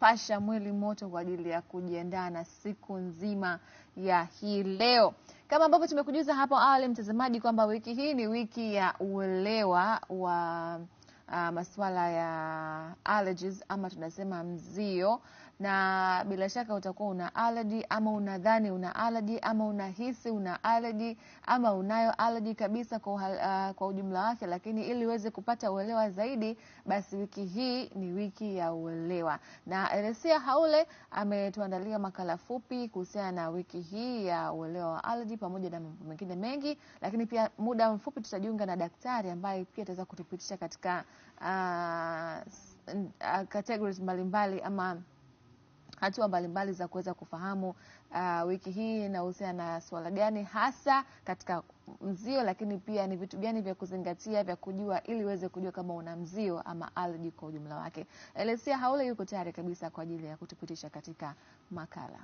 pasha mwili moto kwa ajili ya kujiandaa na siku nzima ya hii leo. Kama ambavyo tumekujuza hapo awali, mtazamaji, kwamba wiki hii ni wiki ya uelewa wa uh, masuala ya allergies ama tunasema mzio na bila shaka utakuwa una allergy ama unadhani una allergy ama unahisi una allergy ama unayo allergy kabisa kwa, uh, kwa ujumla wake. Lakini ili uweze kupata uelewa zaidi, basi wiki hii ni wiki ya uelewa, na Elesia Haule ametuandalia makala fupi kuhusiana na wiki hii ya uelewa wa allergy pamoja na mambo mengine mengi, lakini pia muda mfupi tutajiunga na daktari ambaye pia ataweza kutupitisha katika uh, categories mbalimbali ama hatua mbalimbali za kuweza kufahamu uh, wiki hii inahusiana na swala gani hasa katika mzio, lakini pia ni vitu gani vya kuzingatia vya kujua ili uweze kujua kama una mzio ama allergy kwa ujumla wake. Elesia Haule yuko tayari kabisa kwa ajili ya kutupitisha katika makala.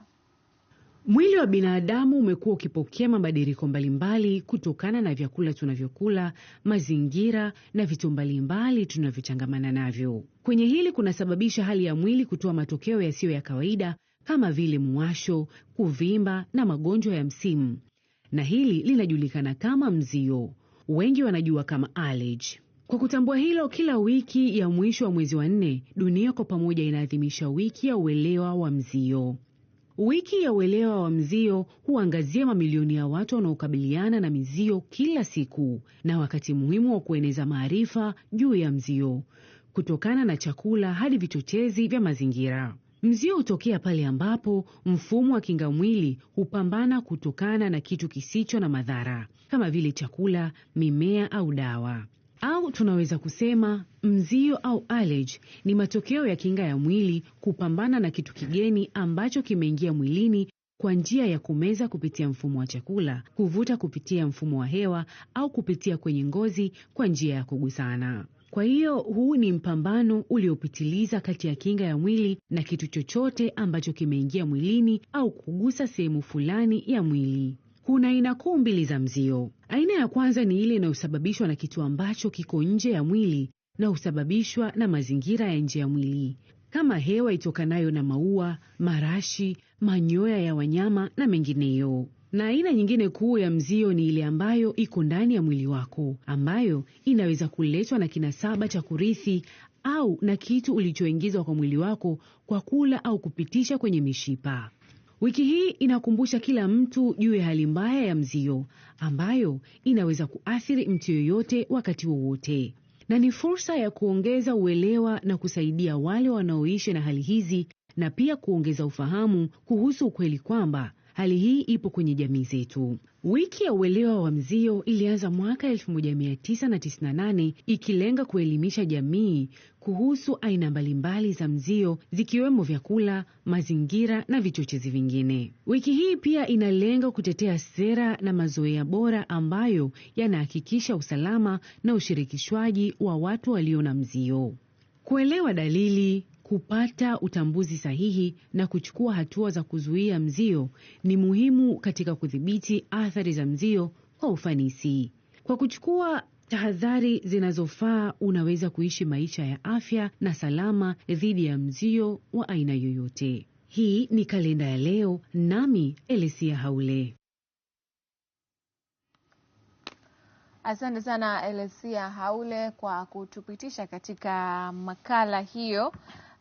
Mwili wa binadamu umekuwa ukipokea mabadiliko mbalimbali kutokana na vyakula tunavyokula, mazingira na vitu mbalimbali tunavyochangamana navyo. Kwenye hili kunasababisha hali ya mwili kutoa matokeo yasiyo ya kawaida kama vile mwasho kuvimba na magonjwa ya msimu, na hili linajulikana kama mzio, wengi wanajua kama allergy. Kwa kutambua hilo, kila wiki ya mwisho wa mwezi wa nne, dunia kwa pamoja inaadhimisha wiki ya uelewa wa mzio. Wiki ya uelewa wa mzio huangazia mamilioni ya watu wanaokabiliana na mizio kila siku na wakati muhimu wa kueneza maarifa juu ya mzio, kutokana na chakula hadi vichochezi vya mazingira. Mzio hutokea pale ambapo mfumo wa kinga mwili hupambana kutokana na kitu kisicho na madhara kama vile chakula, mimea au dawa au tunaweza kusema mzio au allergy ni matokeo ya kinga ya mwili kupambana na kitu kigeni ambacho kimeingia mwilini kwa njia ya kumeza kupitia mfumo wa chakula, kuvuta kupitia mfumo wa hewa au kupitia kwenye ngozi kwa njia ya kugusana. Kwa hiyo huu ni mpambano uliopitiliza kati ya kinga ya mwili na kitu chochote ambacho kimeingia mwilini au kugusa sehemu fulani ya mwili kuna aina kuu mbili za mzio. Aina ya kwanza ni ile inayosababishwa na kitu ambacho kiko nje ya mwili na husababishwa na mazingira ya nje ya mwili kama hewa itokanayo na maua, marashi, manyoya ya wanyama na mengineyo. Na aina nyingine kuu ya mzio ni ile ambayo iko ndani ya mwili wako, ambayo inaweza kuletwa na kinasaba cha kurithi au na kitu ulichoingizwa kwa mwili wako kwa kula au kupitisha kwenye mishipa. Wiki hii inakumbusha kila mtu juu ya hali mbaya ya mzio ambayo inaweza kuathiri mtu yoyote wakati wowote, na ni fursa ya kuongeza uelewa na kusaidia wale wanaoishi na hali hizi na pia kuongeza ufahamu kuhusu ukweli kwamba Hali hii ipo kwenye jamii zetu. Wiki ya uelewa wa mzio ilianza mwaka 1998 ikilenga kuelimisha jamii kuhusu aina mbalimbali za mzio zikiwemo vyakula, mazingira na vichochezi vingine. Wiki hii pia inalenga kutetea sera na mazoea bora ambayo yanahakikisha usalama na ushirikishwaji wa watu walio na mzio. Kuelewa dalili, kupata utambuzi sahihi na kuchukua hatua za kuzuia mzio ni muhimu katika kudhibiti athari za mzio kwa ufanisi. Kwa kuchukua tahadhari zinazofaa, unaweza kuishi maisha ya afya na salama dhidi ya mzio wa aina yoyote. Hii ni kalenda ya leo, nami Elesia Haule. Asante sana Elesia Haule kwa kutupitisha katika makala hiyo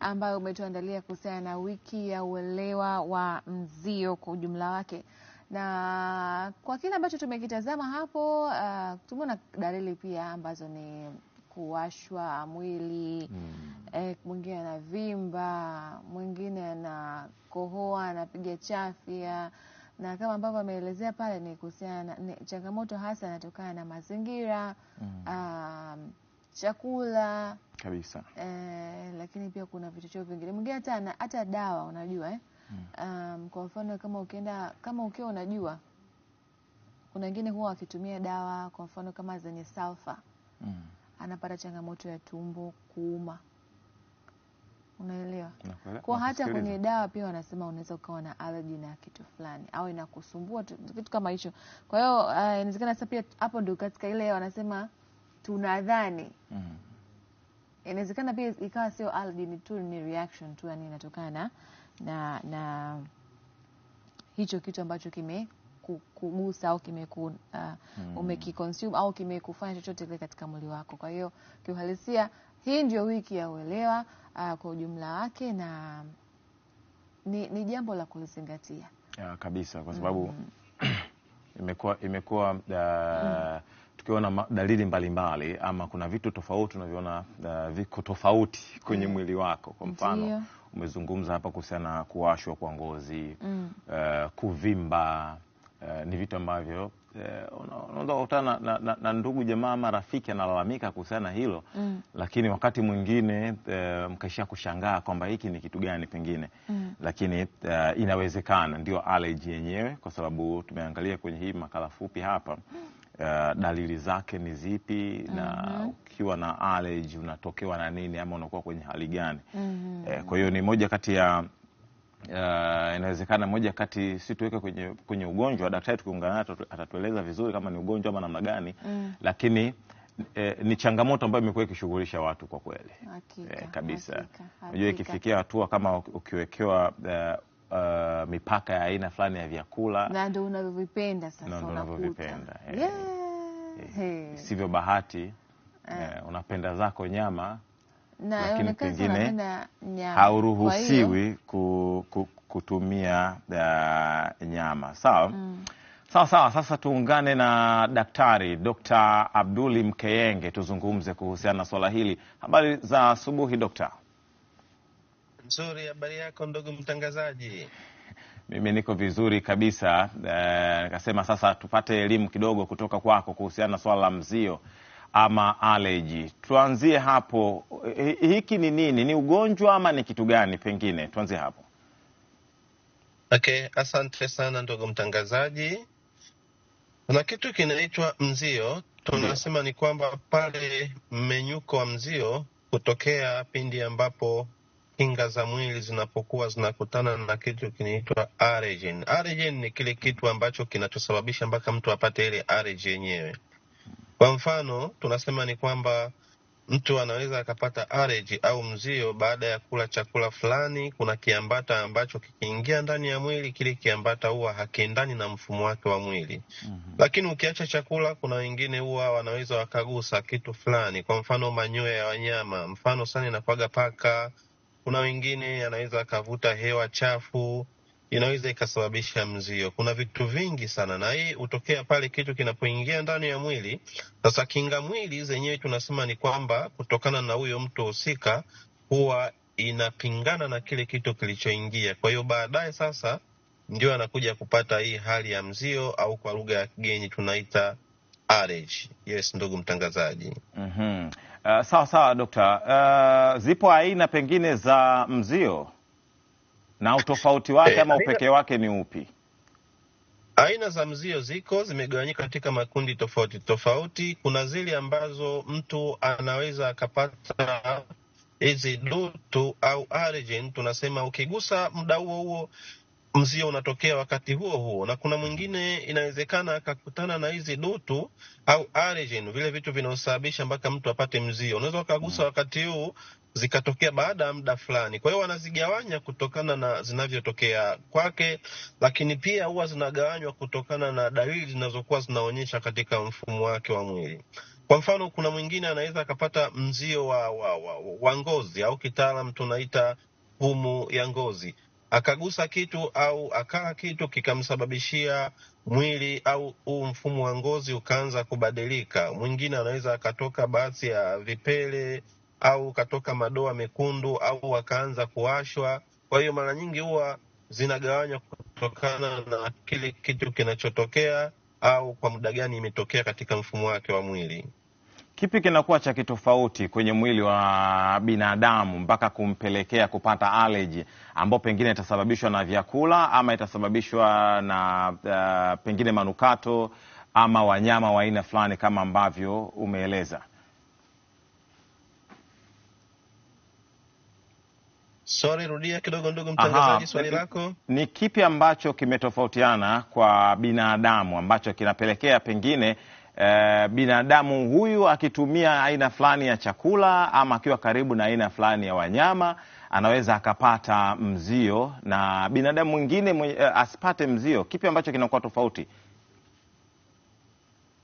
ambayo umetuandalia kuhusiana na wiki ya uelewa wa mzio kwa ujumla wake, na kwa kile ambacho tumekitazama hapo uh, tumeona dalili pia ambazo ni kuwashwa mwili mm. Eh, mwingine vimba, mwingine anakohoa, anapiga chafya na kama ambavyo ameelezea pale ni kuhusiana changamoto hasa inatokana na mazingira mm. uh, chakula kabisa eh, lakini pia kuna vichocheo vingine mwingine hata hata dawa unajua eh? mm. um, kwa mfano kama ukienda kama ukiwa unajua kuna wengine huwa wakitumia dawa kwa mfano kama zenye sulfa mm. anapata changamoto ya tumbo kuuma unaelewa kwa hata kwenye dawa pia wanasema unaweza ukawa na allergy na kitu fulani au inakusumbua kitu kama hicho kwa hiyo uh, inawezekana sasa pia hapo ndio katika ile wanasema tunadhani mm. Inawezekana pia ikawa sio algae tu, ni reaction tu, yani inatokana na na hicho kitu ambacho kime kugusa au kimeku uh, mm. umekiconsume au kimekufanya chochote kile katika mwili wako. Kwa hiyo kiuhalisia, hii ndio wiki ya uelewa uh, kwa ujumla wake, na ni, ni jambo la kulizingatia kabisa, kwa sababu mm. imekuwa imekuwa uh, mm tukiona dalili mbalimbali mbali, ama kuna vitu tofauti unavyoona uh, viko tofauti kwenye mm. mwili wako. Kwa mfano umezungumza hapa kuhusiana na kuwashwa kwa ngozi mm. uh, kuvimba uh, ni vitu ambavyo unaweza kukutana uh, na, na, na ndugu jamaa ama rafiki analalamika kuhusiana na hilo mm. lakini wakati mwingine uh, mkaishia kushangaa kwamba hiki ni kitu gani pengine mm. lakini uh, inawezekana ndio allergy yenyewe, kwa sababu tumeangalia kwenye hii makala fupi hapa mm Eh, dalili zake ni zipi? mm -hmm. na mhm. ukiwa na allergy unatokewa na nini ama unakuwa kwenye hali gani? mm -hmm. E, kwa hiyo ni moja kati ya Uh, inawezekana moja kati si tuweke kwenye, kwenye ugonjwa. Daktari tukiungana naye atatueleza vizuri kama ni ugonjwa ama namna gani mm. Lakini eh, ni changamoto ambayo imekuwa ikishughulisha watu kwa kweli eh, kabisa. Unajua ikifikia hatua kama ukiwekewa uh, uh, mipaka ya aina fulani ya vyakula, na ndio unavyovipenda sasa, ndio unavyovipenda eh. yeah. Eh. hey. Sivyo bahati yeah. Eh, unapenda zako nyama na, lakini pengine hauruhusiwi ku, ku, kutumia uh, nyama sawa. mm. Sawa sawa, sasa tuungane na Daktari Dr. Abduli Mkeyenge tuzungumze kuhusiana na swala hili. Habari za asubuhi, daktari. Nzuri, habari yako ndugu mtangazaji? Mimi niko vizuri kabisa. Eh, nikasema e, sasa tupate elimu kidogo kutoka kwako kuhusiana na swala la mzio ama aleji. Tuanzie hapo, hiki ni nini? Ni ugonjwa ama ni kitu gani? Pengine tuanzie hapo. Okay, asante sana ndugu mtangazaji. Kuna kitu kinaitwa mzio, tunasema ni kwamba pale mmenyuko wa mzio kutokea pindi ambapo kinga za mwili zinapokuwa zinakutana na kitu kinaitwa allergen. Allergen ni kile kitu ambacho kinachosababisha mpaka mtu apate ile allergy yenyewe. Kwa mfano, tunasema ni kwamba mtu anaweza akapata allergy au mzio baada ya kula chakula fulani. Kuna kiambata ambacho kikiingia ndani ya mwili, kile kiambata huwa hakiendani na mfumo wake wa mwili mm -hmm. Lakini ukiacha chakula, kuna wengine huwa wanaweza wakagusa kitu fulani, kwa mfano manyoya ya wanyama, mfano sana inakwaga paka kuna wengine anaweza akavuta hewa chafu, inaweza ikasababisha mzio. Kuna vitu vingi sana, na hii hutokea pale kitu kinapoingia ndani ya mwili. Sasa kinga mwili zenyewe tunasema ni kwamba kutokana na huyo mtu husika huwa inapingana na kile kitu kilichoingia, kwa hiyo baadaye sasa ndio anakuja kupata hii hali ya mzio au kwa lugha ya kigeni tunaita allergy. Yes, ndugu mtangazaji. mm -hmm. Eh, sawa sawa dokta. Uh, zipo aina pengine za mzio na utofauti wake eh, ama upekee wake ni upi? Aina za mzio ziko zimegawanyika katika makundi tofauti tofauti. Kuna zile ambazo mtu anaweza akapata hizi dutu au allergen tunasema, ukigusa muda huo huo mzio unatokea wakati huo huo, na kuna mwingine inawezekana akakutana na hizi dutu au allergen, vile vitu vinaosababisha mpaka mtu apate mzio. Unaweza ukagusa mm. wakati huu zikatokea baada ya muda fulani. Kwa hiyo wanazigawanya kutokana na zinavyotokea kwake, lakini pia huwa zinagawanywa kutokana na dalili zinazokuwa zinaonyesha katika mfumo wake wa mwili. Kwa mfano, kuna mwingine anaweza akapata mzio wa, wa, wa, wa ngozi au kitaalam tunaita humu ya ngozi akagusa kitu au akaa kitu kikamsababishia mwili au huu mfumo wa ngozi ukaanza kubadilika. Mwingine anaweza akatoka baadhi ya vipele au katoka madoa mekundu au akaanza kuwashwa. Kwa hiyo mara nyingi huwa zinagawanywa kutokana na kile kitu kinachotokea au kwa muda gani imetokea katika mfumo wake wa mwili. Kipi kinakuwa cha kitofauti kwenye mwili wa binadamu mpaka kumpelekea kupata allergy ambao pengine itasababishwa na vyakula ama itasababishwa na uh, pengine manukato ama wanyama wa aina fulani kama ambavyo umeeleza? Sorry, rudia kidogo ndugu mtangazaji swali lako. Ni kipi ambacho kimetofautiana kwa binadamu ambacho kinapelekea pengine e, binadamu huyu akitumia aina fulani ya chakula ama akiwa karibu na aina fulani ya wanyama anaweza akapata mzio na binadamu mwingine eh, asipate mzio. Kipi ambacho kinakuwa tofauti?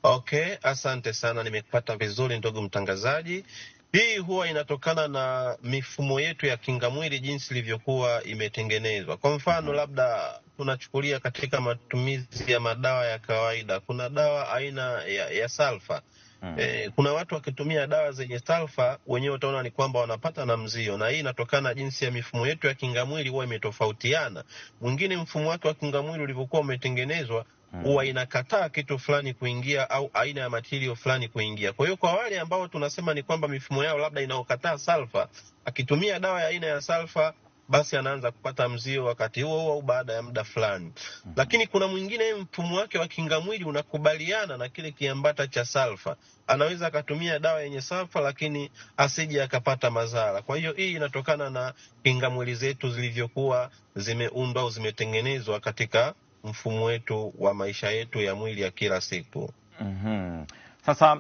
Okay, asante sana, nimekupata vizuri ndugu mtangazaji. Hii huwa inatokana na mifumo yetu ya kingamwili jinsi ilivyokuwa imetengenezwa. Kwa mfano, mhm. labda tunachukulia katika matumizi ya madawa ya kawaida, kuna dawa aina ya, ya salfa Hmm. Eh, kuna watu wakitumia dawa zenye salfa wenyewe utaona ni kwamba wanapata na mzio, na hii inatokana jinsi ya mifumo yetu ya kingamwili huwa imetofautiana. Mwingine mfumo wake wa kingamwili ulivyokuwa umetengenezwa Hmm. huwa inakataa kitu fulani kuingia au aina ya matirio fulani kuingia. Kwa hiyo kwa wale ambao tunasema ni kwamba mifumo yao labda inaokataa salfa, akitumia dawa ya aina ya salfa basi anaanza kupata mzio wakati huo huo au baada ya muda fulani. -hmm. Lakini kuna mwingine mfumo wake wa kinga mwili unakubaliana na kile kiambata cha salfa, anaweza akatumia dawa yenye salfa lakini asije akapata madhara. Kwa hiyo hii inatokana na kinga mwili zetu zilivyokuwa zimeundwa au zimetengenezwa katika mfumo wetu wa maisha yetu ya mwili ya kila siku. mm -hmm. Sasa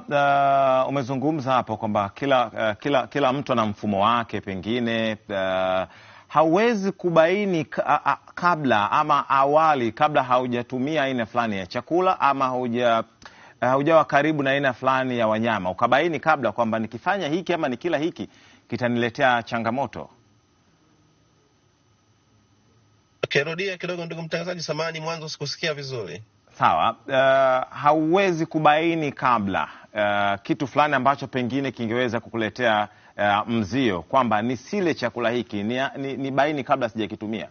uh, umezungumza hapo kwamba kila, uh, kila, kila mtu ana mfumo wake pengine uh, hauwezi kubaini kabla ama awali kabla haujatumia aina fulani ya chakula ama hauja uh, haujawa karibu na aina fulani ya wanyama ukabaini kabla kwamba nikifanya hiki ama nikila hiki kitaniletea changamoto. Kirudia kidogo, ndugu mtangazaji, samani, mwanzo sikusikia vizuri. Sawa. Uh, hauwezi kubaini kabla uh, kitu fulani ambacho pengine kingeweza kukuletea uh, mzio kwamba ni sile chakula hiki, ni, ni, ni baini kabla sijakitumia.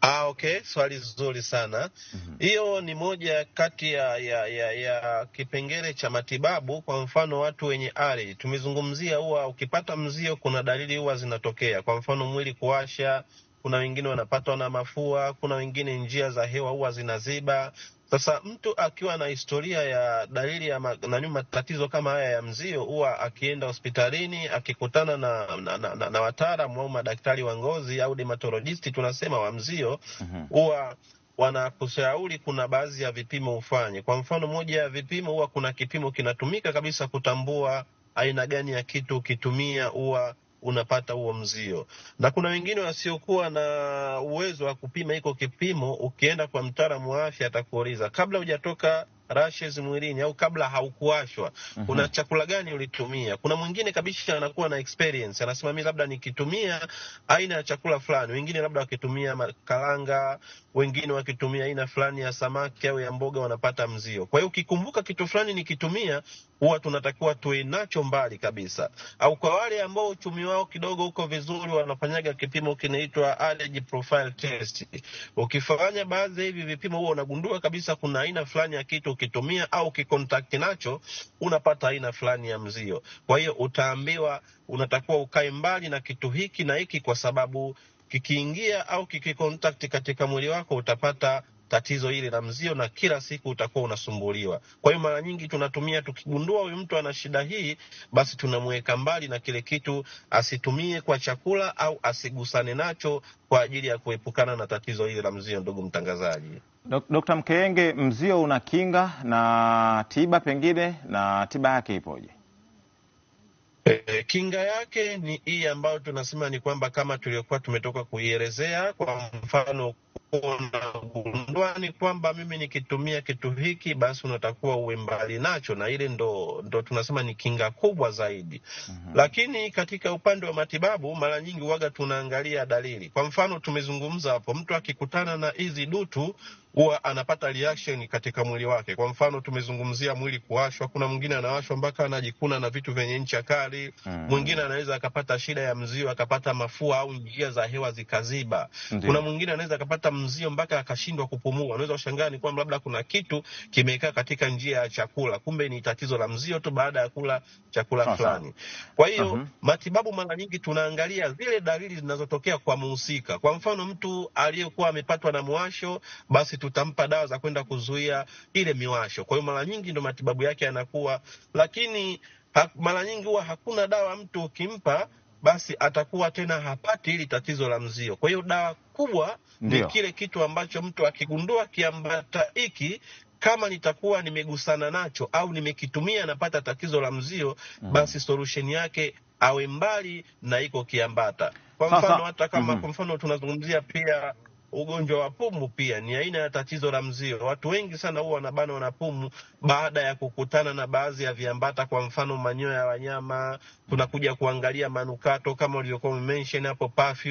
Ah, okay, swali zuri sana mhm. hiyo. mm -hmm. Ni moja kati ya, ya, ya, ya kipengele cha matibabu. Kwa mfano watu wenye ari tumezungumzia, huwa ukipata mzio kuna dalili huwa zinatokea, kwa mfano mwili kuwasha kuna wengine wanapatwa na mafua, kuna wengine njia za hewa huwa zinaziba. Sasa mtu akiwa na historia ya dalili ya nyuma matatizo kama haya ya mzio, huwa akienda hospitalini akikutana na, na, na, na, na wataalamu au madaktari wa ngozi au dermatologisti tunasema wa mzio, mhm. huwa wanakushauri kuna baadhi ya vipimo hufanye. Kwa mfano, moja ya vipimo huwa kuna kipimo kinatumika kabisa kutambua aina gani ya kitu ukitumia huwa unapata huo mzio, na kuna wengine wasiokuwa na uwezo wa kupima hiko kipimo. Ukienda kwa mtaalamu wa afya atakuuliza kabla hujatoka rashes mwilini au kabla haukuwashwa, mhm. kuna uh -huh. chakula gani ulitumia. Kuna mwingine kabisa anakuwa na experience, anasema mimi labda nikitumia aina ya chakula fulani, wengine labda wakitumia karanga, wengine wakitumia aina fulani ya samaki au ya mboga wanapata mzio. Kwa hiyo ukikumbuka kitu fulani nikitumia, huwa tunatakiwa tuwe nacho mbali kabisa. Au kwa wale ambao uchumi wao kidogo uko vizuri, wanafanyaga kipimo kinaitwa allergy profile test. Ukifanya baadhi ya hivi vipimo, huwa unagundua kabisa kuna aina fulani ya kitu ukitumia au ukikontakti nacho unapata aina fulani ya mzio. Kwa hiyo utaambiwa unatakiwa ukae mbali na kitu hiki na hiki, kwa sababu kikiingia au kikikontakti katika mwili wako utapata tatizo hili la mzio, na kila siku utakuwa unasumbuliwa. Kwa hiyo mara nyingi tunatumia, tukigundua huyu mtu ana shida hii, basi tunamweka mbali na kile kitu, asitumie kwa chakula au asigusane nacho kwa ajili ya kuepukana na tatizo hili la mzio. Ndugu mtangazaji, Dkt. Mkeenge, mzio una kinga na tiba pengine, na tiba yake ipoje? E, e, kinga yake ni hii ambayo tunasema ni kwamba kama tuliokuwa tumetoka kuielezea, kwa mfano unagundua ni kwamba mimi nikitumia kitu hiki basi unatakuwa uwe mbali nacho, na ile ndo, ndo tunasema ni kinga kubwa zaidi. mm -hmm. Lakini katika upande wa matibabu mara nyingi waga tunaangalia dalili. Kwa mfano tumezungumza hapo, mtu akikutana na hizi dutu huwa anapata reaction katika mwili wake. Kwa mfano tumezungumzia mwili kuwashwa, kuna mwingine anawashwa mpaka anajikuna na vitu vyenye ncha kali. Mhm. Mwingine mm. anaweza akapata shida ya mzio, akapata mafua au njia za hewa zikaziba. Ndiyo. Kuna mwingine anaweza akapata hata mzio mpaka akashindwa kupumua. Unaweza kushangaa ni kwamba labda kuna kitu kimekaa katika njia ya chakula, kumbe ni tatizo la mzio tu baada ya kula chakula fulani. Kwa hiyo uh mhm. -huh. matibabu mara nyingi tunaangalia zile dalili zinazotokea kwa muhusika. Kwa mfano, mtu aliyekuwa amepatwa na mwasho, basi tutampa dawa za kwenda kuzuia ile miwasho. Kwa hiyo mara nyingi ndo matibabu yake yanakuwa, lakini mara nyingi huwa hakuna dawa mtu ukimpa basi atakuwa tena hapati hili tatizo la mzio. Kwa hiyo dawa kubwa ni kile kitu ambacho mtu akigundua kiambata hiki kama nitakuwa nimegusana nacho au nimekitumia napata tatizo la mzio mm Basi solution yake awe mbali na iko kiambata. Kwa mfano hata kama mm kwa mfano tunazungumzia pia ugonjwa wa pumu pia ni aina ya tatizo la mzio. Watu wengi sana huwa wanabanwa na pumu baada ya kukutana na baadhi ya viambata, kwa mfano manyoya ya wanyama. Tunakuja kuangalia manukato kama ulivyokuwa umemention hapo, perfume.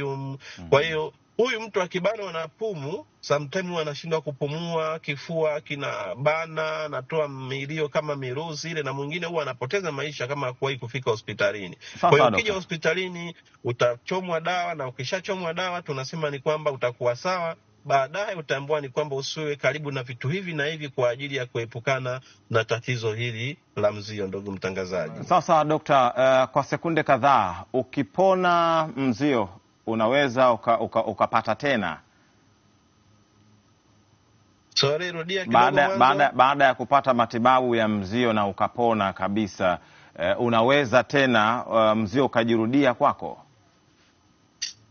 Kwa mm-hmm. hiyo Huyu mtu akibanwa na pumu, sometimes anashindwa kupumua, kifua kina bana, anatoa milio kama miruzi ile, na mwingine huwa anapoteza maisha kama hakuwahi kufika hospitalini. Kwa hiyo ukija hospitalini utachomwa dawa, na ukishachomwa dawa tunasema ni kwamba utakuwa sawa baadaye utaambua ni kwamba usiwe karibu na vitu hivi na hivi kwa ajili ya kuepukana na tatizo hili la mzio. Ndugu mtangazaji, sasa dokta, uh, kwa sekunde kadhaa, ukipona mzio unaweza ukapata uka, uka tena baada, baada ya kupata matibabu ya mzio na ukapona kabisa eh, unaweza tena uh, mzio ukajirudia kwako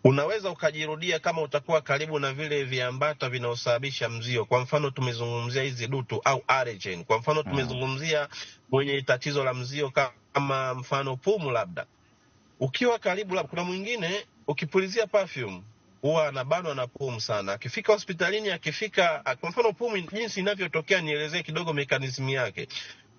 unaweza ukajirudia kama utakuwa karibu na vile viambata vinaosababisha mzio. Kwa mfano tumezungumzia hizi dutu au allergen. Kwa mfano hmm. tumezungumzia mwenye tatizo la mzio kama mfano pumu, labda ukiwa karibu, labda kuna mwingine ukipulizia perfume huwa anabanwa na pumu sana. Akifika hospitalini, akifika kwa mfano, pumu jinsi inavyotokea, nielezee kidogo mekanismu yake.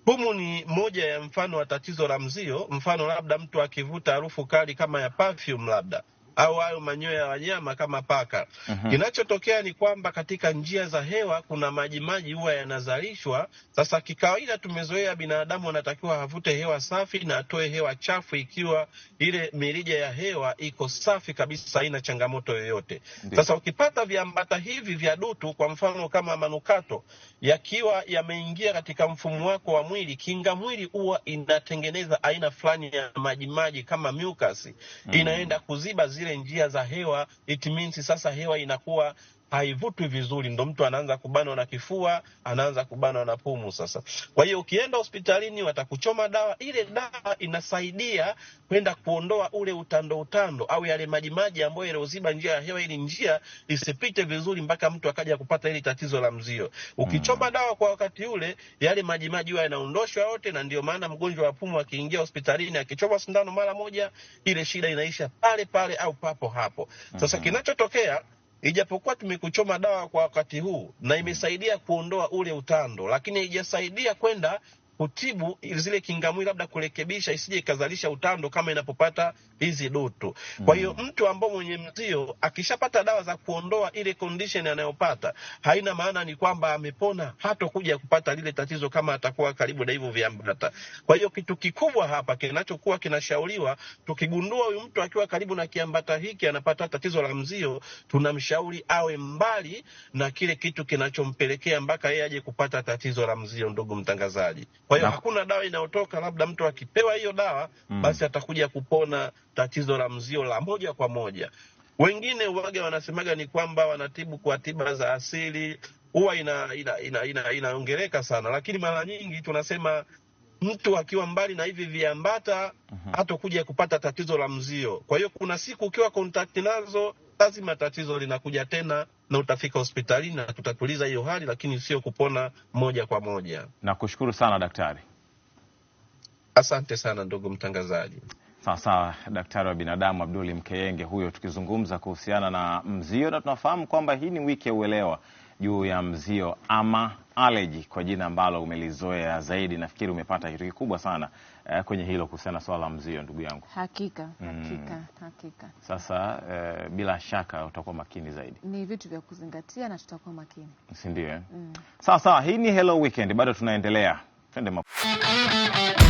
Pumu ni moja ya mfano wa tatizo la mzio. Mfano labda mtu akivuta harufu kali kama ya perfume, labda au hayo manyoya ya wanyama kama paka. Mhm. Kinachotokea ni kwamba katika njia za hewa kuna majimaji huwa yanazalishwa. Sasa kikawaida, tumezoea binadamu anatakiwa avute hewa safi na atoe hewa chafu, ikiwa ile mirija ya hewa iko safi kabisa, haina changamoto yoyote. Sasa ukipata viambata hivi vya dutu, kwa mfano kama manukato, yakiwa yameingia katika mfumo wako wa mwili, kinga mwili huwa inatengeneza aina fulani ya majimaji kama mucus, mm. inaenda kuziba zile zile njia za hewa, it means sasa hewa inakuwa haivutwi vizuri, ndo mtu anaanza kubanwa na kifua, anaanza kubanwa na pumu. Sasa kwa hiyo ukienda hospitalini watakuchoma dawa, ile dawa inasaidia kwenda kuondoa ule utando utando au yale majimaji ambayo yaliyoziba njia ya hewa ili njia isipite vizuri mpaka mtu akaja kupata ile tatizo la mzio. Ukichoma mm. dawa kwa wakati ule yale majimaji huwa yanaondoshwa yote, na ndio maana mgonjwa wa pumu akiingia hospitalini akichoma sindano mara moja, ile shida inaisha pale pale au papo hapo. Sasa -hmm. kinachotokea Ijapokuwa tumekuchoma dawa kwa wakati huu na imesaidia kuondoa ule utando, lakini haijasaidia kwenda kutibu zile kingamwili, labda kurekebisha isije ikazalisha utando kama inapopata hizi dutu. Kwa hiyo mm. mtu ambao mwenye mzio akishapata dawa za kuondoa ile condition anayopata, haina maana ni kwamba amepona, hatakuja kupata lile tatizo kama atakuwa karibu na hivyo viambata. Kwa hiyo kitu kikubwa hapa kinachokuwa kinashauriwa, tukigundua huyu mtu akiwa karibu na kiambata hiki anapata tatizo la mzio, tunamshauri awe mbali na kile kitu kinachompelekea mpaka yeye aje kupata tatizo la mzio. Ndugu mtangazaji. Kwa hiyo hakuna dawa inayotoka, labda mtu akipewa hiyo dawa mm, basi atakuja kupona tatizo la mzio la moja kwa moja. Wengine waga wanasemaga ni kwamba wanatibu kwa tiba za asili, huwa inaongereka ina, ina, ina, ina sana, lakini mara nyingi tunasema mtu akiwa mbali na hivi viambata mhm. hatokuja kupata tatizo la mzio. Kwa hiyo kuna siku ukiwa kontakti nazo, lazima tatizo linakuja tena na utafika hospitalini na tutatuliza hiyo hali, lakini sio kupona moja kwa moja. Nakushukuru sana daktari. Asante sana ndugu mtangazaji. sawa sawa daktari wa binadamu Abduli Mkeyenge huyo, tukizungumza kuhusiana na mzio, na tunafahamu kwamba hii ni wiki ya uelewa juu ya mzio ama allergy kwa jina ambalo umelizoea zaidi. Nafikiri umepata kitu kikubwa sana eh, kwenye hilo kuhusiana swala la mzio, ndugu yangu. Hakika, mm. hakika, mm. Hakika. Sasa eh, bila shaka utakuwa makini zaidi. Ni vitu vya kuzingatia na tutakuwa makini, si ndio? Eh? mm. Sawa sawa, hii ni Hello Weekend, bado tunaendelea, twende